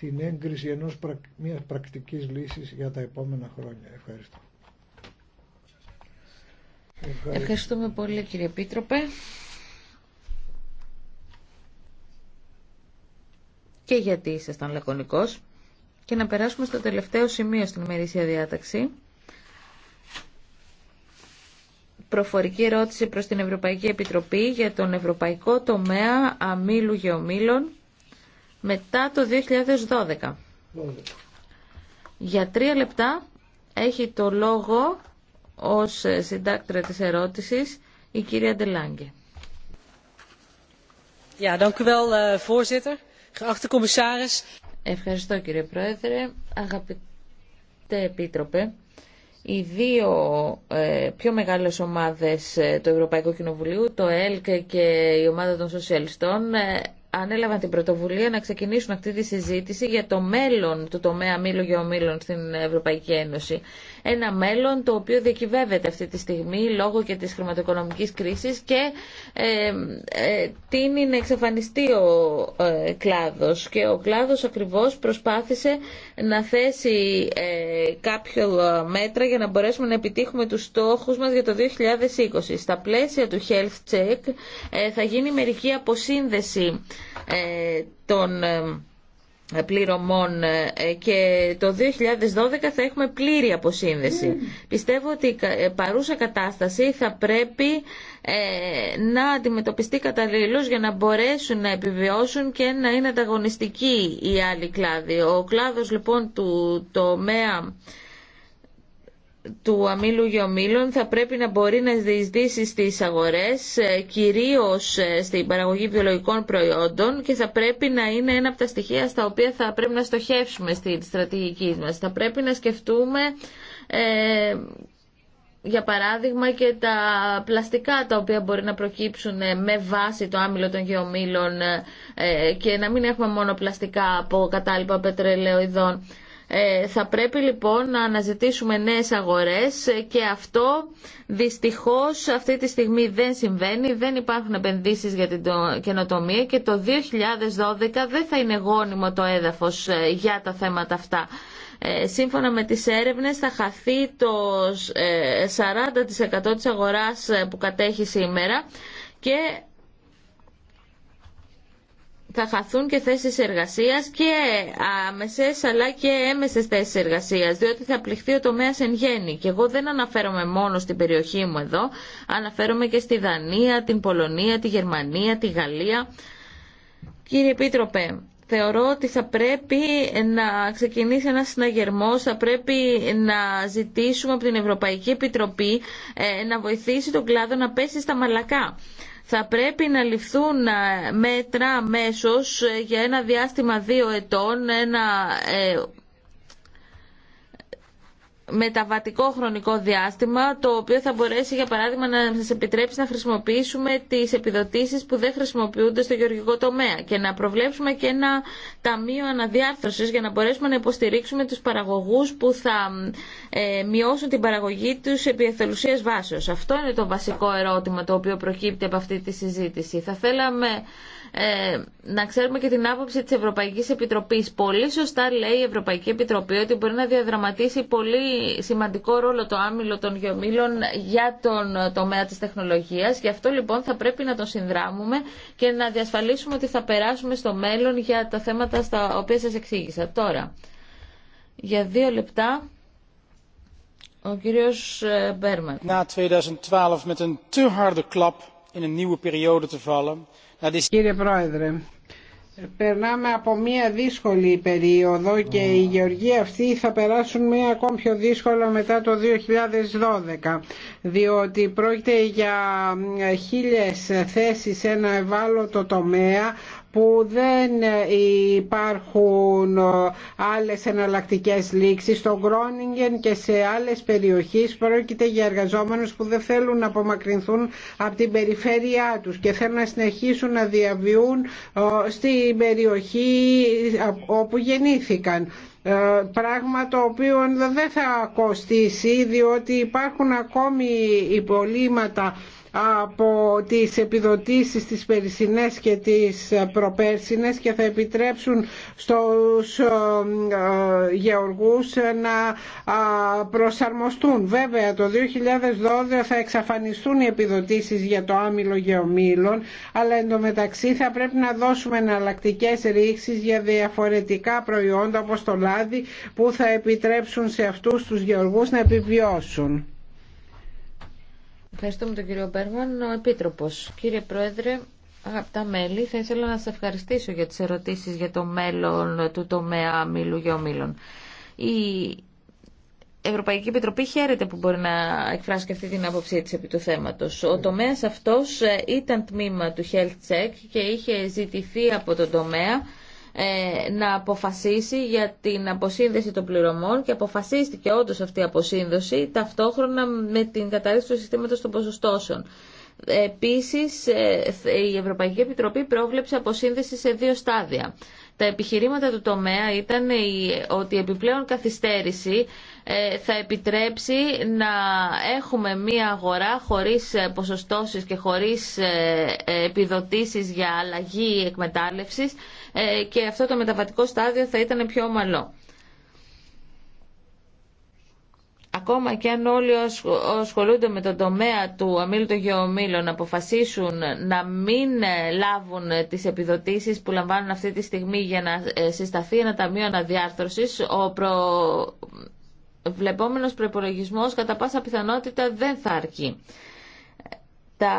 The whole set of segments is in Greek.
την έγκριση ενός πρακ, μιας πρακτικής λύσης για τα επόμενα χρόνια. Ευχαριστώ. Ευχαριστώ. Ευχαριστούμε πολύ κύριε Πίτροπε. Και γιατί ήσασταν λακωνικός. Και να περάσουμε στο τελευταίο σημείο στην ημερήσια διάταξη. Προφορική ερώτηση προς την Ευρωπαϊκή Επιτροπή για τον Ευρωπαϊκό Τομέα Αμήλου Γεωμήλων μετά το 2012. Για τρία λεπτά έχει το λόγο ως συντάκτρια της ερώτησης η κυρία Ντελάγκε. Eh, Ευχαριστώ κύριε Πρόεδρε. Αγαπητέ Επίτροπε, οι δύο ε, πιο μεγάλες ομάδες ε, του Ευρωπαϊκού Κοινοβουλίου, το ΕΛΚ και η ομάδα των Σοσιαλιστών, ε, ανέλαβαν την πρωτοβουλία να ξεκινήσουν αυτή τη συζήτηση για το μέλλον του τομέα μήλου για ομήλων στην Ευρωπαϊκή Ένωση. Ένα μέλλον το οποίο διακυβεύεται αυτή τη στιγμή λόγω και της χρηματοοικονομικής κρίσης και ε, ε, τίνει να εξαφανιστεί ο ε, κλάδος. Και ο κλάδος ακριβώς προσπάθησε να θέσει ε, κάποια ε, μέτρα για να μπορέσουμε να επιτύχουμε τους στόχους μας για το 2020. Στα πλαίσια του Health Check ε, θα γίνει μερική αποσύνδεση ε, των ε, πληρωμών ε, και το 2012 θα έχουμε πλήρη αποσύνδεση. Mm. Πιστεύω ότι η παρούσα κατάσταση θα πρέπει να αντιμετωπιστεί καταλήλως για να μπορέσουν να επιβιώσουν και να είναι ανταγωνιστικοί οι άλλοι κλάδοι. Ο κλάδος λοιπόν του τομέα του αμύλου γεωμήλων θα πρέπει να μπορεί να διεισδύσει στις αγορές, ε, κυρίως ε, στην παραγωγή βιολογικών προϊόντων και θα πρέπει να είναι ένα από τα στοιχεία στα οποία θα πρέπει να στοχεύσουμε στη στρατηγική μας. Θα πρέπει να σκεφτούμε ε, για παράδειγμα και τα πλαστικά τα οποία μπορεί να προκύψουν με βάση το άμυλο των γεωμήλων και να μην έχουμε μόνο πλαστικά από κατάλοιπα πετρελαιοειδών. Ε, θα πρέπει λοιπόν να αναζητήσουμε νέες αγορές και αυτό δυστυχώς αυτή τη στιγμή δεν συμβαίνει, δεν υπάρχουν επενδύσεις για την καινοτομία και το 2012 δεν θα είναι γόνιμο το έδαφος ε, για τα θέματα αυτά. Ε, σύμφωνα με τις έρευνες θα χαθεί το 40% της αγοράς που κατέχει σήμερα και θα χαθούν και θέσεις εργασίας και άμεσες αλλά και έμεσες θέσεις εργασίας διότι θα πληχθεί ο τομέας εν γέννη και εγώ δεν αναφέρομαι μόνο στην περιοχή μου εδώ αναφέρομαι και στη Δανία, την Πολωνία, τη Γερμανία, τη Γαλλία Κύριε Επίτροπε, θεωρώ ότι θα πρέπει να ξεκινήσει ένας συναγερμό, θα πρέπει να ζητήσουμε από την Ευρωπαϊκή Επιτροπή ε, να βοηθήσει τον κλάδο να πέσει στα μαλακά θα πρέπει να ληφθούν ε, μέτρα μέσως ε, για ένα διάστημα δύο ετών, ένα ε, μεταβατικό χρονικό διάστημα, το οποίο θα μπορέσει, για παράδειγμα, να σα επιτρέψει να χρησιμοποιήσουμε τις επιδοτήσει που δεν χρησιμοποιούνται στο γεωργικό τομέα και να προβλέψουμε και ένα ταμείο αναδιάρθρωσης για να μπορέσουμε να υποστηρίξουμε τους παραγωγούς που θα ε, μειώσουν την παραγωγή τους επί εθελουσία βάσεω. Αυτό είναι το βασικό ερώτημα το οποίο προκύπτει από αυτή τη συζήτηση. Θα θέλαμε ε, να ξέρουμε και την άποψη της Ευρωπαϊκής Επιτροπής. Πολύ σωστά λέει η Ευρωπαϊκή Επιτροπή ότι μπορεί να διαδραματίσει πολύ σημαντικό ρόλο το άμυλο των γεωμήλων για τον τομέα της τεχνολογίας. Γι' αυτό λοιπόν θα πρέπει να τον συνδράμουμε και να διασφαλίσουμε ότι θα περάσουμε στο μέλλον για τα θέματα στα οποία σας εξήγησα. Τώρα, για δύο λεπτά... Ο κύριος ε, Μπέρμαν. Να 2012 με έναν harde κλάπ in μια νέα περίοδο Κύριε Πρόεδρε, περνάμε από μια δύσκολη περίοδο και οι γεωργοί αυτοί θα περάσουν μια ακόμη πιο δύσκολα μετά το 2012 διότι πρόκειται για χίλιες θέσεις σε ένα ευάλωτο τομέα που δεν υπάρχουν άλλες εναλλακτικές λήξεις στο Γκρόνιγκεν και σε άλλες περιοχές πρόκειται για εργαζόμενους που δεν θέλουν να απομακρυνθούν από την περιφέρειά τους και θέλουν να συνεχίσουν να διαβιούν ε, στην περιοχή ε, όπου γεννήθηκαν ε, πράγμα το οποίο δεν θα κοστίσει διότι υπάρχουν ακόμη υπολείμματα από τις επιδοτήσεις τις περισσινές και τις προπέρσινες και θα επιτρέψουν στους ε, ε, γεωργούς να ε, προσαρμοστούν. Βέβαια το 2012 θα εξαφανιστούν οι επιδοτήσεις για το άμυλο γεωμήλων αλλά εντωμεταξύ θα πρέπει να δώσουμε εναλλακτικέ ρήξει για διαφορετικά προϊόντα όπως το λάδι που θα επιτρέψουν σε αυτούς τους γεωργούς να επιβιώσουν. Ευχαριστούμε τον κύριο Μπέρμαν. Ο Επίτροπος. Κύριε Πρόεδρε, αγαπητά μέλη, θα ήθελα να σας ευχαριστήσω για τις ερωτήσεις για το μέλλον του τομέα μήλου ομήλων. Η Ευρωπαϊκή Επιτροπή χαίρεται που μπορεί να εκφράσει και αυτή την άποψή τη επί του θέματος. Ο τομέα αυτό ήταν τμήμα του Health Check και είχε ζητηθεί από τον τομέα ε, να αποφασίσει για την αποσύνδεση των πληρωμών και αποφασίστηκε όντως αυτή η αποσύνδεση ταυτόχρονα με την κατάρρευση του συστήματος των ποσοστώσεων. Επίσης, ε, η Ευρωπαϊκή Επιτροπή πρόβλεψε αποσύνδεση σε δύο στάδια. Τα επιχειρήματα του τομέα ήταν ότι επιπλέον καθυστέρηση ε, θα επιτρέψει να έχουμε μία αγορά χωρίς ε, ποσοστώσεις και χωρίς ε, επιδοτήσεις για αλλαγή εκμετάλλευσης και αυτό το μεταβατικό στάδιο θα ήταν πιο ομαλό. Ακόμα και αν όλοι ασχολούνται με τον τομέα του αμήλου των γεωμήλων αποφασίσουν να μην λάβουν τις επιδοτήσεις που λαμβάνουν αυτή τη στιγμή για να συσταθεί ένα ταμείο αναδιάρθρωσης, ο προ βλεπόμενος προπολογισμό κατά πάσα πιθανότητα δεν θα αρκεί. Τα...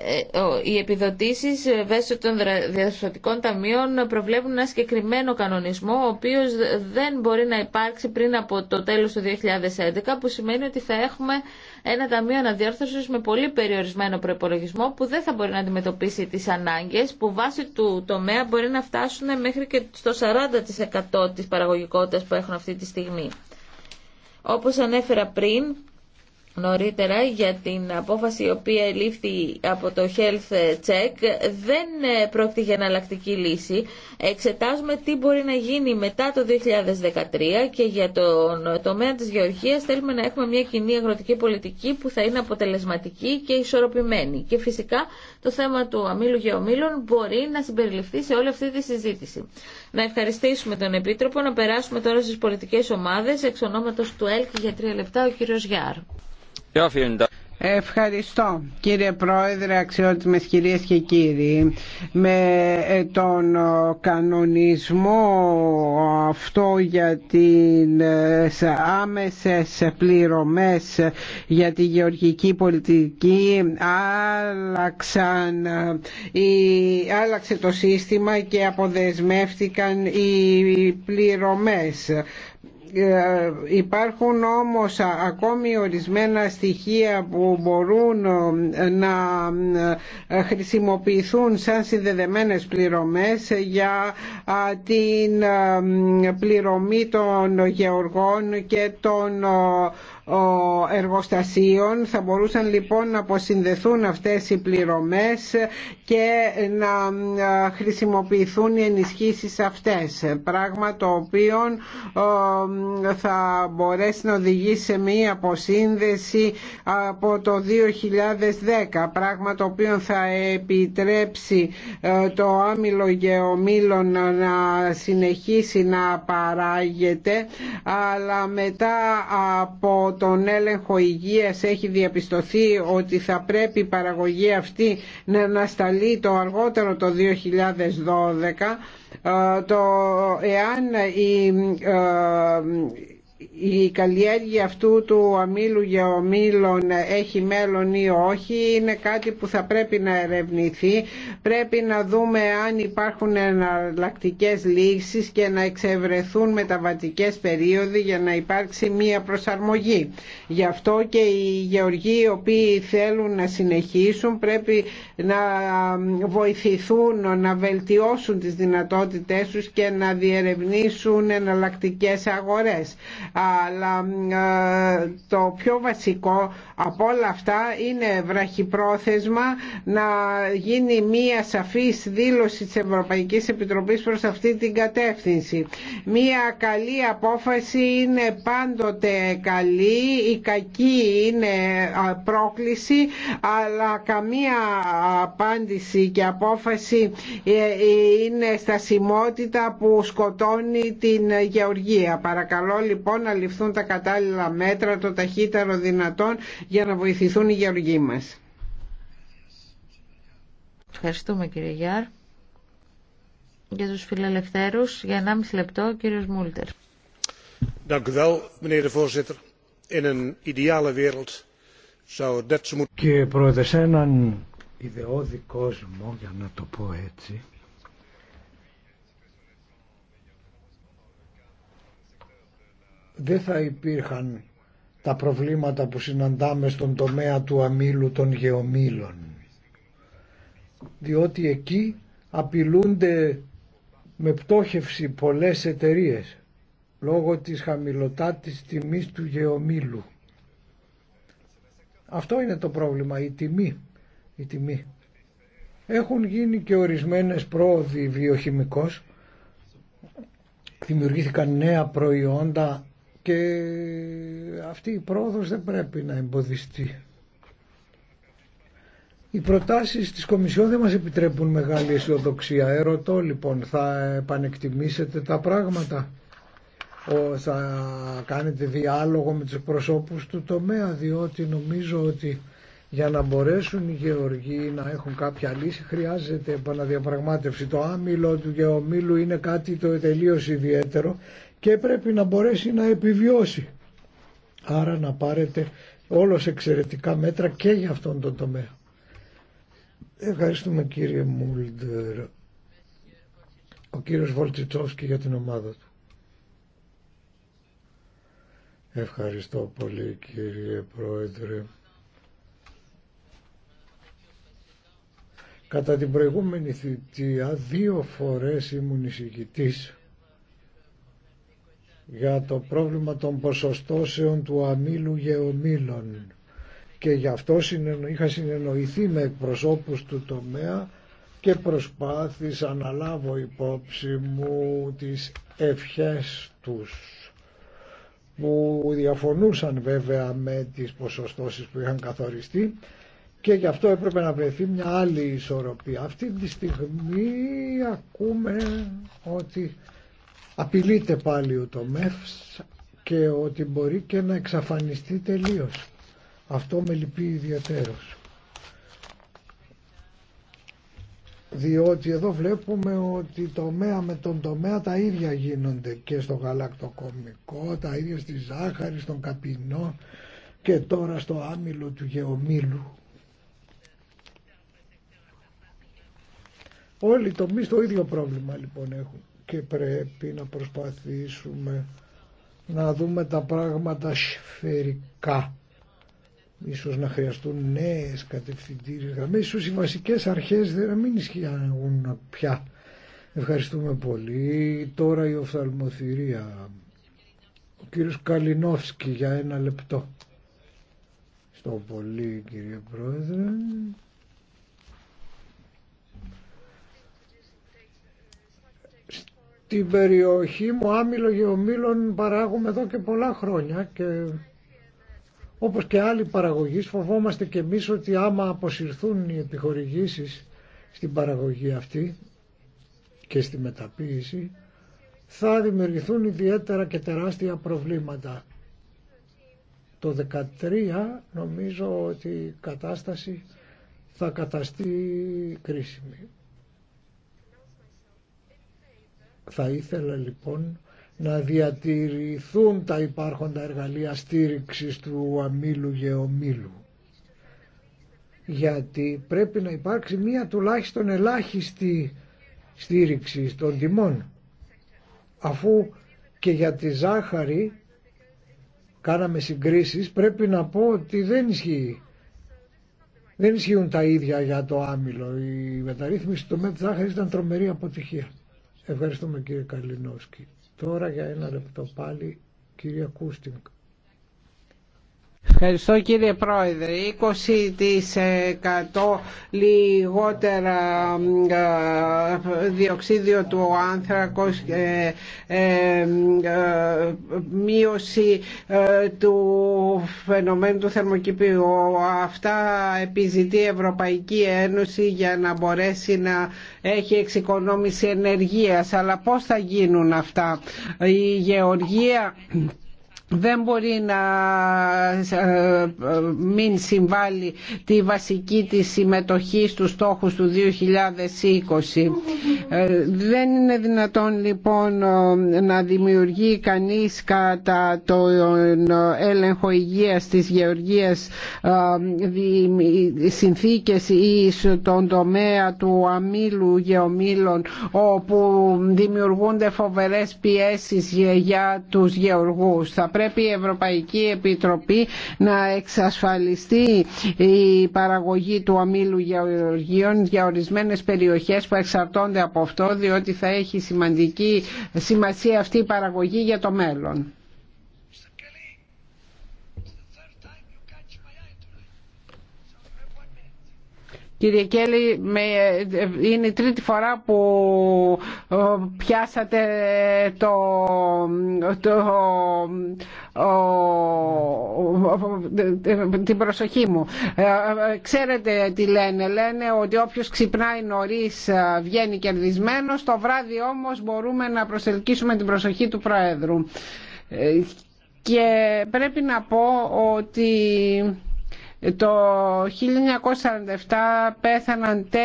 Ε, οι επιδοτήσεις ε, βέσω των διαστατικών ταμείων προβλέπουν ένα συγκεκριμένο κανονισμό ο οποίος δεν μπορεί να υπάρξει πριν από το τέλος του 2011 που σημαίνει ότι θα έχουμε ένα ταμείο αναδιόρθωσης με πολύ περιορισμένο προπολογισμό που δεν θα μπορεί να αντιμετωπίσει τις ανάγκες που βάσει του τομέα μπορεί να φτάσουν μέχρι και στο 40% της παραγωγικότητας που έχουν αυτή τη στιγμή. Όπως ανέφερα πριν, νωρίτερα για την απόφαση η οποία λήφθη από το Health Check δεν ε, πρόκειται για εναλλακτική λύση. Εξετάζουμε τι μπορεί να γίνει μετά το 2013 και για τον τομέα της γεωργίας θέλουμε να έχουμε μια κοινή αγροτική πολιτική που θα είναι αποτελεσματική και ισορροπημένη. Και φυσικά το θέμα του αμήλου γεωμήλων μπορεί να συμπεριληφθεί σε όλη αυτή τη συζήτηση. Να ευχαριστήσουμε τον Επίτροπο, να περάσουμε τώρα στις πολιτικές ομάδες, εξ ονόματος του ΕΛΚ για τρία λεπτά ο κύριος Γιάρ. Ευχαριστώ κύριε Πρόεδρε, αξιότιμες κυρίες και κύριοι. Με ε, τον ε, κανονισμό αυτό για τις ε, άμεσες πληρωμές για τη γεωργική πολιτική άλλαξαν, η, άλλαξε το σύστημα και αποδεσμεύτηκαν οι πληρωμές ε, υπάρχουν όμως ακόμη ορισμένα στοιχεία που μπορούν ε, να ε, χρησιμοποιηθούν σαν συνδεδεμένες πληρωμές για την πληρωμή των γεωργών και των εργοστασίων θα μπορούσαν λοιπόν να αποσυνδεθούν αυτές οι πληρωμές και να χρησιμοποιηθούν οι ενισχύσεις αυτές. Πράγμα το οποίο θα μπορέσει να οδηγήσει σε μία αποσύνδεση από το 2010. Πράγμα το οποίο θα επιτρέψει ε, το άμυλο γεωμήλων να συνεχίσει να παράγεται αλλά μετά από τον έλεγχο υγείας έχει διαπιστωθεί ότι θα πρέπει η παραγωγή αυτή να ανασταλεί καλεί το αργότερο το 2012 ε, το εάν η ε, η καλλιέργεια αυτού του αμύλου για έχει μέλλον ή όχι είναι κάτι που θα πρέπει να ερευνηθεί πρέπει να δούμε αν υπάρχουν εναλλακτικέ λύσεις και να εξευρεθούν μεταβατικές περίοδοι για να υπάρξει μία προσαρμογή γι' αυτό και οι γεωργοί οι οποίοι θέλουν να συνεχίσουν πρέπει να βοηθηθούν να βελτιώσουν τις δυνατότητές τους και να διερευνήσουν εναλλακτικέ αγορές αλλά ε, το πιο βασικό από όλα αυτά είναι βραχυπρόθεσμα να γίνει μία σαφής δήλωση της Ευρωπαϊκής Επιτροπής προς αυτή την κατεύθυνση. Μία καλή απόφαση είναι πάντοτε καλή, η κακή είναι πρόκληση, αλλά καμία απάντηση και απόφαση ε, ε, είναι στασιμότητα που σκοτώνει την γεωργία. Παρακαλώ λοιπόν Λοιπόν να ληφθούν τα κατάλληλα μέτρα το ταχύτερο δυνατόν για να βοηθηθούν οι γεωργοί μας. Ευχαριστούμε κύριε Γιάρ. Για τους φιλελευθέρους, για 1,5 λεπτό, ο κύριος Μούλτερ. Κύριε Πρόεδρε, σε έναν ιδεώδη κόσμο, για να το πω έτσι, δεν θα υπήρχαν τα προβλήματα που συναντάμε στον τομέα του αμήλου των γεωμήλων. Διότι εκεί απειλούνται με πτώχευση πολλές εταιρείε λόγω της χαμηλοτάτης τιμής του γεωμήλου. Αυτό είναι το πρόβλημα, η τιμή. Η τιμή. Έχουν γίνει και ορισμένες πρόοδοι βιοχημικός. Δημιουργήθηκαν νέα προϊόντα και αυτή η πρόοδος δεν πρέπει να εμποδιστεί. Οι προτάσεις της Κομισιόν δεν μας επιτρέπουν μεγάλη αισιοδοξία. Ερωτώ λοιπόν, θα επανεκτιμήσετε τα πράγματα, Ο, θα κάνετε διάλογο με τους προσώπους του τομέα, διότι νομίζω ότι για να μπορέσουν οι γεωργοί να έχουν κάποια λύση χρειάζεται επαναδιαπραγμάτευση. Το άμυλο του γεωμήλου είναι κάτι το τελείως ιδιαίτερο και πρέπει να μπορέσει να επιβιώσει. Άρα να πάρετε όλος εξαιρετικά μέτρα και για αυτόν τον τομέα. Ευχαριστούμε κύριε Μούλντερ, ο κύριος και για την ομάδα του. Ευχαριστώ πολύ κύριε Πρόεδρε. Κατά την προηγούμενη θητεία δύο φορές ήμουν εισηγητής για το πρόβλημα των ποσοστώσεων του αμήλου γεωμήλων και γι' αυτό είχα συνεννοηθεί με προσώπους του τομέα και προσπάθησα να λάβω υπόψη μου τις ευχές τους που διαφωνούσαν βέβαια με τις ποσοστώσεις που είχαν καθοριστεί και γι' αυτό έπρεπε να βρεθεί μια άλλη ισορροπία. Αυτή τη στιγμή ακούμε ότι απειλείται πάλι ο τομέας και ότι μπορεί και να εξαφανιστεί τελείως. Αυτό με λυπεί ιδιαίτερος. Διότι εδώ βλέπουμε ότι τομέα με τον τομέα τα ίδια γίνονται και στο γαλακτοκομικό, τα ίδια στη ζάχαρη, στον καπινό και τώρα στο άμυλο του γεωμήλου. Όλοι οι τομείς το ίδιο πρόβλημα λοιπόν έχουν και πρέπει να προσπαθήσουμε να δούμε τα πράγματα σφαιρικά. Ίσως να χρειαστούν νέες κατευθυντήριες γραμμές, ίσως οι βασικές αρχές δεν μην ισχύουν πια. Ευχαριστούμε πολύ. Τώρα η οφθαλμοθυρία. Ο κύριος Καλινόφσκι για ένα λεπτό. Στο πολύ κύριε Πρόεδρε. την περιοχή μου άμυλο γεωμήλων παράγουμε εδώ και πολλά χρόνια και όπως και άλλοι παραγωγείς φοβόμαστε και εμείς ότι άμα αποσυρθούν οι επιχορηγήσεις στην παραγωγή αυτή και στη μεταποίηση θα δημιουργηθούν ιδιαίτερα και τεράστια προβλήματα. Το 2013 νομίζω ότι η κατάσταση θα καταστεί κρίσιμη. Θα ήθελα λοιπόν να διατηρηθούν τα υπάρχοντα εργαλεία στήριξης του αμήλου γεωμήλου. Γιατί πρέπει να υπάρξει μία τουλάχιστον ελάχιστη στήριξη των τιμών. Αφού και για τη ζάχαρη κάναμε συγκρίσεις πρέπει να πω ότι δεν ισχύει. Δεν ισχύουν τα ίδια για το άμυλο. Η μεταρρύθμιση του τομέα ζάχαρης ήταν τρομερή αποτυχία. Ευχαριστούμε κύριε Καλινόσκη. Τώρα για ένα λεπτό πάλι κυρία Κούστινγκ. Ευχαριστώ κύριε Πρόεδρε. 20% λιγότερα ε, διοξίδιο του άνθρακος και ε, ε, μείωση του φαινομένου του θερμοκηπίου. Αυτά επιζητεί η Ευρωπαϊκή Ένωση για να μπορέσει να έχει εξοικονόμηση ενεργείας. Αλλά πώς θα γίνουν αυτά. Η γεωργία δεν μπορεί να ε, μην συμβάλλει τη βασική της συμμετοχή στους στόχους του 2020. Ε, δεν είναι δυνατόν λοιπόν ε, να δημιουργεί κανείς κατά τον έλεγχο υγείας της γεωργίας συνθήκες ή στον τομέα του αμύλου γεωμήλων όπου δημιουργούνται φοβερές πιέσεις για τους γεωργούς πρέπει η Ευρωπαϊκή Επιτροπή να εξασφαλιστεί η παραγωγή του αμύλου γεωργίων για ορισμένες περιοχές που εξαρτώνται από αυτό διότι θα έχει σημαντική σημασία αυτή η παραγωγή για το μέλλον. Κύριε Κέλλη, ε, είναι η τρίτη φορά που ε, πιάσατε το, το, την προσοχή μου. Ε, ξέρετε τι λένε. Λένε ότι όποιος ξυπνάει νωρίς βγαίνει κερδισμένος. Το βράδυ όμως μπορούμε να προσελκύσουμε την προσοχή του Προέδρου. Και πρέπει να πω ότι το 1947 πέθαναν 4.000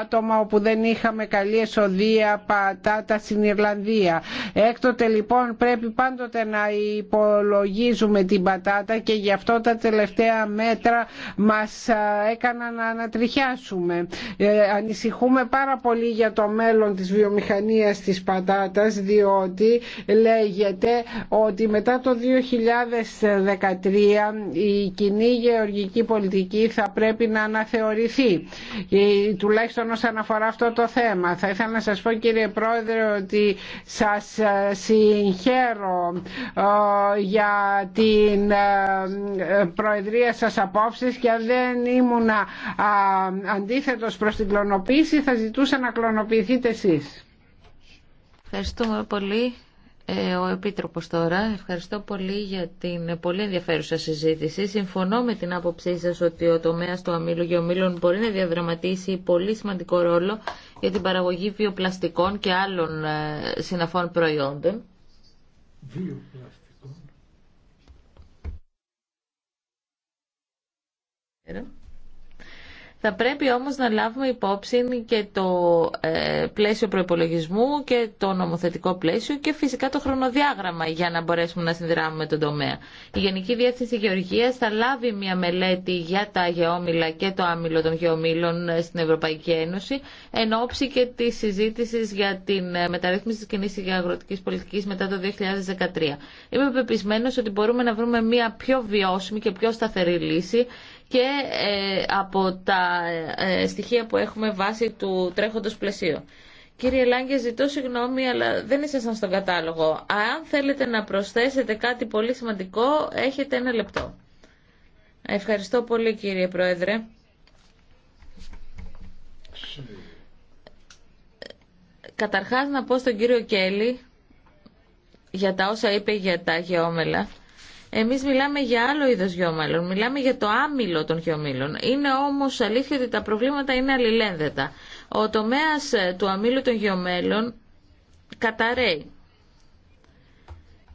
άτομα όπου δεν είχαμε καλή εσοδεία πατάτα στην Ιρλανδία. Έκτοτε λοιπόν πρέπει πάντοτε να υπολογίζουμε την πατάτα και γι' αυτό τα τελευταία μέτρα μας έκαναν να ανατριχιάσουμε. Ε, ανησυχούμε πάρα πολύ για το μέλλον της βιομηχανίας της πατάτας διότι λέγεται ότι μετά το 2013 η κοινή γεωργική πολιτική θα πρέπει να αναθεωρηθεί ε, τουλάχιστον όσον αφορά αυτό το θέμα. Θα ήθελα να σας πω κύριε Πρόεδρε ότι σας ε, συγχαίρω ε, για την προεδρία σας απόψεις και αν δεν ήμουν αντίθετος προς την κλωνοποίηση θα ζητούσα να κλωνοποιηθείτε εσείς. Ευχαριστούμε πολύ. Ε, ο Επίτροπος τώρα. Ευχαριστώ πολύ για την πολύ ενδιαφέρουσα συζήτηση. Συμφωνώ με την άποψή σας ότι ο τομέας του αμύλου και ομίλων μπορεί να διαδραματίσει πολύ σημαντικό ρόλο για την παραγωγή βιοπλαστικών και άλλων ε, συναφών προϊόντων. Βιοπλαστικών. Θα πρέπει όμως να λάβουμε υπόψη και το ε, πλαίσιο προπολογισμού και το νομοθετικό πλαίσιο και φυσικά το χρονοδιάγραμμα για να μπορέσουμε να συνδράμουμε τον τομέα. Η Γενική Διεύθυνση Γεωργίας θα λάβει μια μελέτη για τα γεώμηλα και το άμυλο των γεωμήλων στην Ευρωπαϊκή Ένωση εν ώψη και τη συζήτηση για την ε, μεταρρύθμιση της κοινής αγροτικής πολιτικής μετά το 2013. Είμαι πεπισμένος ότι μπορούμε να βρούμε μια πιο βιώσιμη και πιο σταθερή λύση και ε, από τα ε, στοιχεία που έχουμε βάσει του τρέχοντος πλαισίου. Κύριε Λάγκε, ζητώ συγγνώμη, αλλά δεν ήσασταν στον κατάλογο. Αν θέλετε να προσθέσετε κάτι πολύ σημαντικό, έχετε ένα λεπτό. Ευχαριστώ πολύ, κύριε Πρόεδρε. Καταρχάς, να πω στον κύριο Κέλλη για τα όσα είπε για τα γεώμελα. Εμείς μιλάμε για άλλο είδος γεωμέλων. μιλάμε για το άμυλο των γεωμήλων. Είναι όμως αλήθεια ότι τα προβλήματα είναι αλληλένδετα. Ο τομέας ε, του αμύλου των γεωμέλων καταραίει.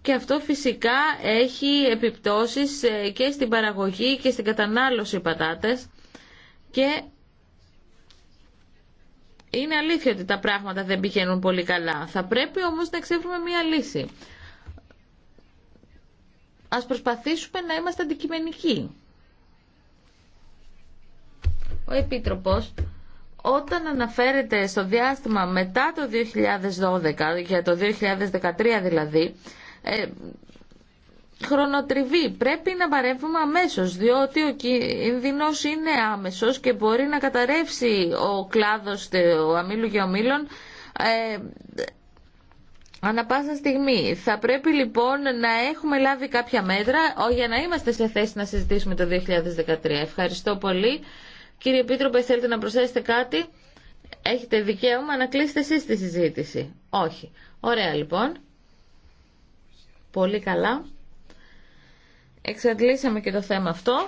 Και αυτό φυσικά έχει επιπτώσεις ε, και στην παραγωγή και στην κατανάλωση πατάτες και είναι αλήθεια ότι τα πράγματα δεν πηγαίνουν πολύ καλά. Θα πρέπει όμως να εξεύρουμε μία λύση ας προσπαθήσουμε να είμαστε αντικειμενικοί. Ο Επίτροπος όταν αναφέρεται στο διάστημα μετά το 2012, για το 2013 δηλαδή, ε, χρονοτριβή. Πρέπει να παρέμβουμε αμέσως, διότι ο κίνδυνο είναι άμεσο και μπορεί να καταρρεύσει ο κλάδος του αμήλου και ομήλων ε, Ανά πάσα στιγμή. Θα πρέπει λοιπόν να έχουμε λάβει κάποια μέτρα για να είμαστε σε θέση να συζητήσουμε το 2013. Ευχαριστώ πολύ. Κύριε Επίτροπε, θέλετε να προσθέσετε κάτι. Έχετε δικαίωμα να κλείσετε εσείς τη συζήτηση. Όχι. Ωραία λοιπόν. Πολύ καλά. Εξαντλήσαμε και το θέμα αυτό.